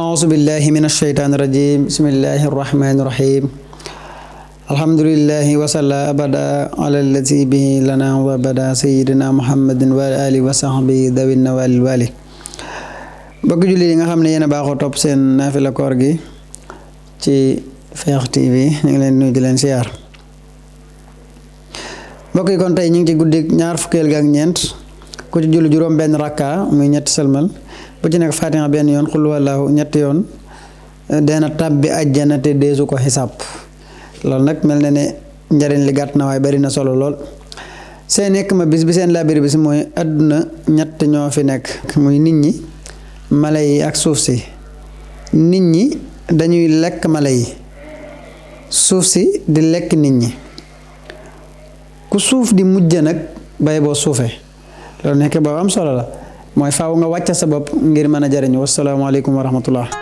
أعوذ بالله من الشيطان الرجيم بسم الله الرحمن الرحيم الحمد لله وصلى أبدا على الذي به لنا وبدا سيدنا محمد وآله وصحبه julli yi nga xam ne yéen a baaxoo topp seen naafila koor gi ci Fekh TV ñu ngi leen nuyu di leen siyaar mbokk kon tey ñu ngi ci guddi ñaar fukkeel ga ak ñeent ku ci julli juróom benn rakka muy ñetti sëlmal bu ci nek fatima ben yon khul wallahu ñetti yon deena tabbi àjjana te deesu ko hisab lol nak melne ne njariñ li gatt na way bari na solo lol se nek ma bis bi seen labir bis moy aduna ñett ño fi nek moy nit ñi malay yi ak suuf si nit ñi dañuy lek malay yi suuf si di lek nit ñi ku suuf di mujj nak bay bo suufé lol nek ba am solo la mooy faaw nga wàcc sa bopp ngir mën a jariñ wasalaamaaleykum wa rahmatullah